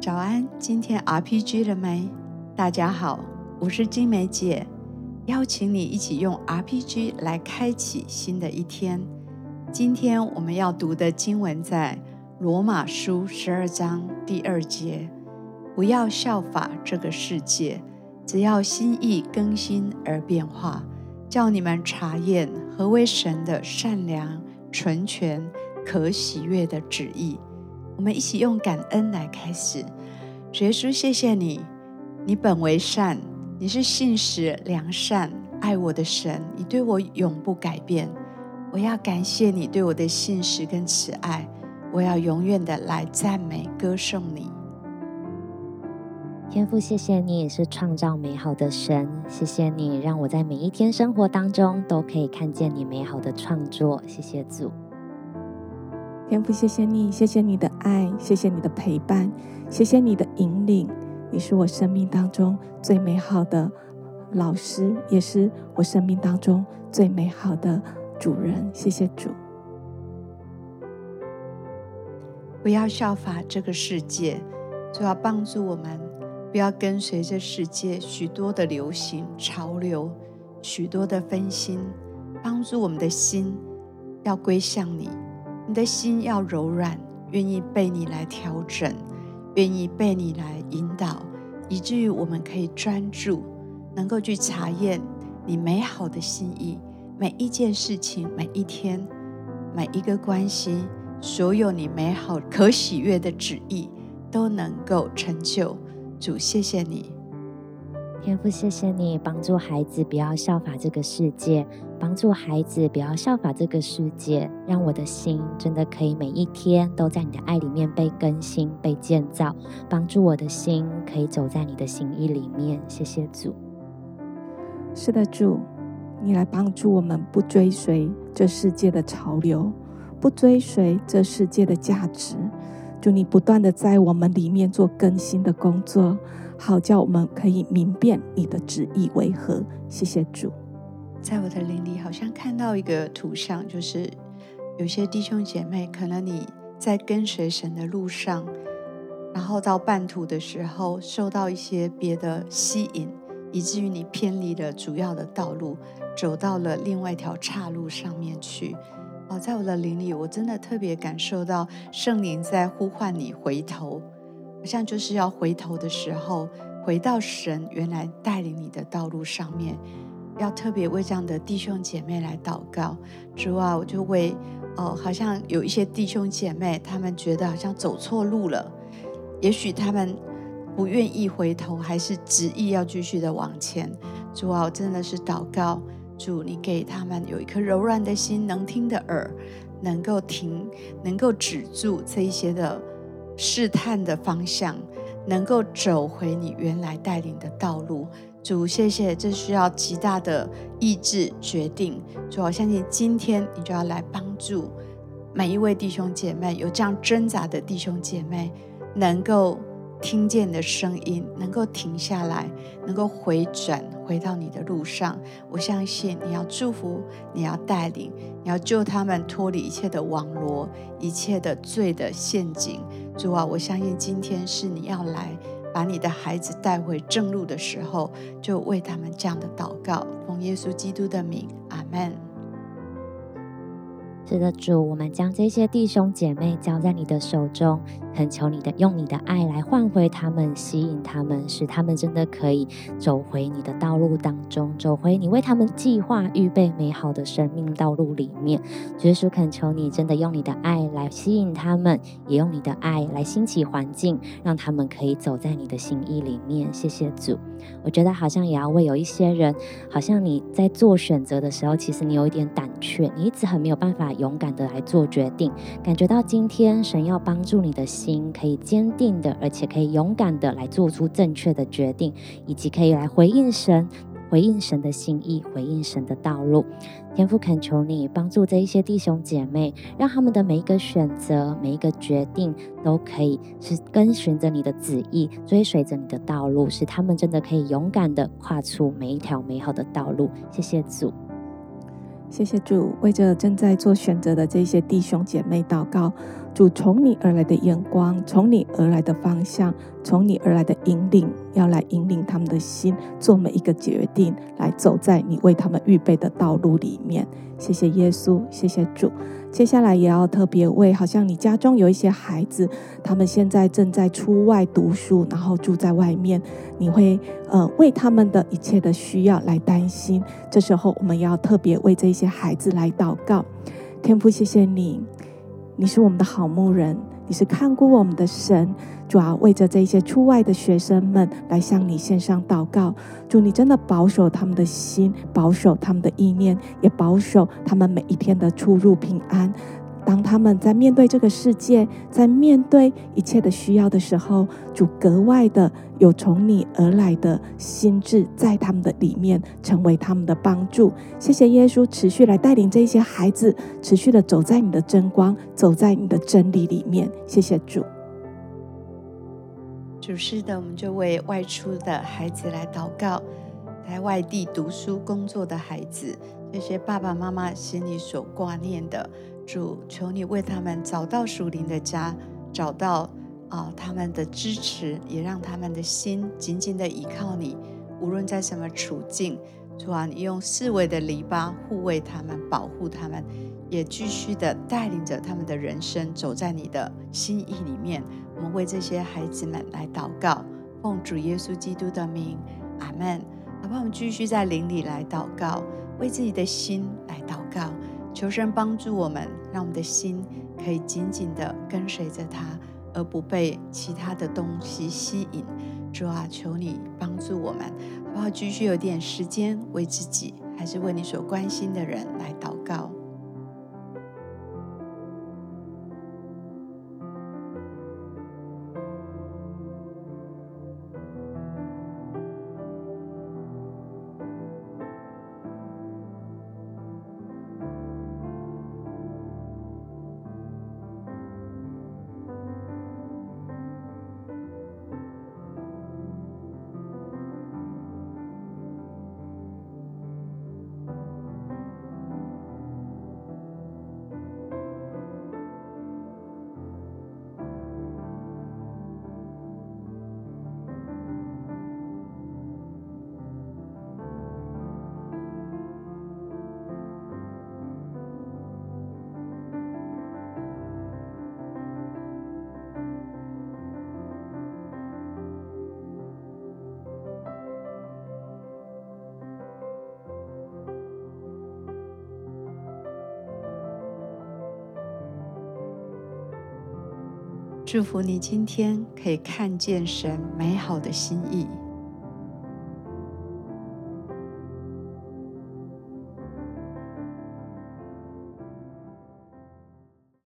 早安，今天 RPG 了沒？大家好，我是晶玫姊，邀請你一起用 RPG 來開啟新的一天。今天我們要讀的經文在羅馬書十二章第二節，不要效法這個世界，只要心意更新而變化，叫你們察驗何為神的善良、純全、可喜悅的旨意。我們一起用感恩來開始，主耶穌，謝謝你，你本為善，你是信實良善愛我的神，你對我永不改變。我要感謝你對我的信實跟慈愛，我要永遠的來讚美歌頌你。天父，謝謝你是創造美好的神，謝謝你讓我在每一天生活當中都可以看見你美好的創作，謝謝主。天父，謝謝你，謝謝你的愛，謝謝你的陪伴，謝謝你的引領。你是我生命當中最美好的老師，也是我生命當中最美好的主人。謝謝主，不要效法這個世界，就要幫助我們，不要跟隨着世界許多的流行潮流，許多的分心，幫助我們的心要歸向你，你的心要柔軟，願意被你來調整，願意被你來引導，以至於我們可以專注，能夠去察驗你美好的心意，每一件事情，每一天，每一個關係，所有你美好可喜悅的旨意都能夠成就。主，謝謝你，天父，謝謝你幫助孩子不要效法這個世界。幫助孩子不要效法這個世界，讓我的心真的可以每一天都在你的愛裡面被更新、被建造。幫助我的心可以走在你的心意裡面。謝謝主。是的，主，你來幫助我們，不追隨這世界的潮流，不追隨這世界的價值。求你不斷的在我們裡面做更新的工作，好叫我們可以明辨你的旨意為何。謝謝主。在我的靈裡，好像看到一個圖像，就是有些弟兄姐妹，可能你在跟隨神的路上，然後到半途的時候，受到一些別的吸引，以至於你偏離了主要的道路，走到了另外一條岔路上面去。哦，在我的靈裡，我真的特別感受到聖靈在呼喚你回頭，好像就是要回頭的時候，回到神原來帶領你的道路上面。要特別為這樣的弟兄姐妹來禱告，主啊，我就為哦，好像有一些弟兄姐妹，他們覺得好像走錯路了，也許他們不願意回頭，還是執意要繼續的往前。主啊，我真的是禱告，主，你給他們有一顆柔軟的心，能聽的耳，能夠停，能夠止住這一些的試探的方向，能夠走回你原來帶領的道路。主，謝謝，這需要極大的意志決定。主啊，我相信今天你就要來幫助每一位弟兄姐妹，有這樣掙扎的弟兄姐妹，能夠聽見你的聲音，能夠停下來，能夠回轉回到你的路上。我相信你要祝福，你要帶領，你要救他們脫離一切的網羅，一切的罪的陷阱。主啊，我相信今天是你要來。把你的孩子帶回正路的時候，就為他們這樣的禱告，奉耶穌基督的名，阿門。是的，主，我們將這些弟兄姐妹交在你的手中。懇求你的用你的愛來換回他們，吸引他們，使他們真的可以走回你的道路當中，走回你為他們計劃預備美好的生命道路裡面。主耶穌懇求你真的用你的愛來吸引他們，也用你的愛來興起環境，讓他們可以走在你的心意裡面。謝謝主。我覺得好像也要為有一些人，好像你在做選擇的時候，其實你有一點膽怯，你一直很沒有辦法勇敢的來做決定，感覺到今天神要幫助你的。心可以堅定的，而且可以勇敢的來做出正確的決定，以及可以來回應神，回應神的心意，回應神的道路。天父懇求你幫助這一些弟兄姐妹，讓他們的每一個選擇、每一個決定都可以是跟循着你的旨意，追隨着你的道路，使他們真的可以勇敢的跨出每一條美好的道路。謝謝主，謝謝主，為着正在做選擇的這些弟兄姐妹禱告。主，從你而來的眼光，從你而來的方向，從你而來的引領，要來引領他們的心，做每一個決定，來走在你為他們預備的道路裡面。謝謝耶穌，謝謝主。接下來也要特別為好像你家中有一些孩子，他們現在正在出外讀書，然後住在外面，你會呃為他們的一切的需要來擔心。這時候我們要特別為這些孩子來禱告。天父，謝謝你。你是我們的好牧人，你是看顧我們的神。主要為着這些出外的學生們，來向你獻上禱告。主，你真的保守他們的心，保守他們的意念，也保守他們每一天的出入平安。當他們在面對這個世界，在面對一切的需要的時候，主格外的有從你而來的心智，在他們的裡面成為他們的幫助。謝謝耶穌，持續來帶領這些孩子，持續的走在你的真光，走在你的真理裡面。謝謝主。主是的，我們就為外出的孩子來禱告，在外地讀書工作的孩子。那些爸爸媽媽心裡所掛念的，主求你為他們找到屬靈的家，找到啊、哦、他們的支持，也讓他們的心緊緊的依靠你。無論在什麼處境，主啊，你用四圍的籬笆護衛他們，保護他們，也繼續的帶領着他們的人生，走在你的心意裡面。我們為這些孩子們來禱告，奉主耶穌基督的名，阿門。好，我們繼續在靈裡來禱告。為自己的心來禱告，求神幫助我們，讓我們的心可以緊緊地跟隨着他，而不被其他的東西吸引。主啊，求你幫助我們，好不好？繼續有點時間為自己，還是為你所關心的人來禱告。祝福你今天可以看見神美好的心意。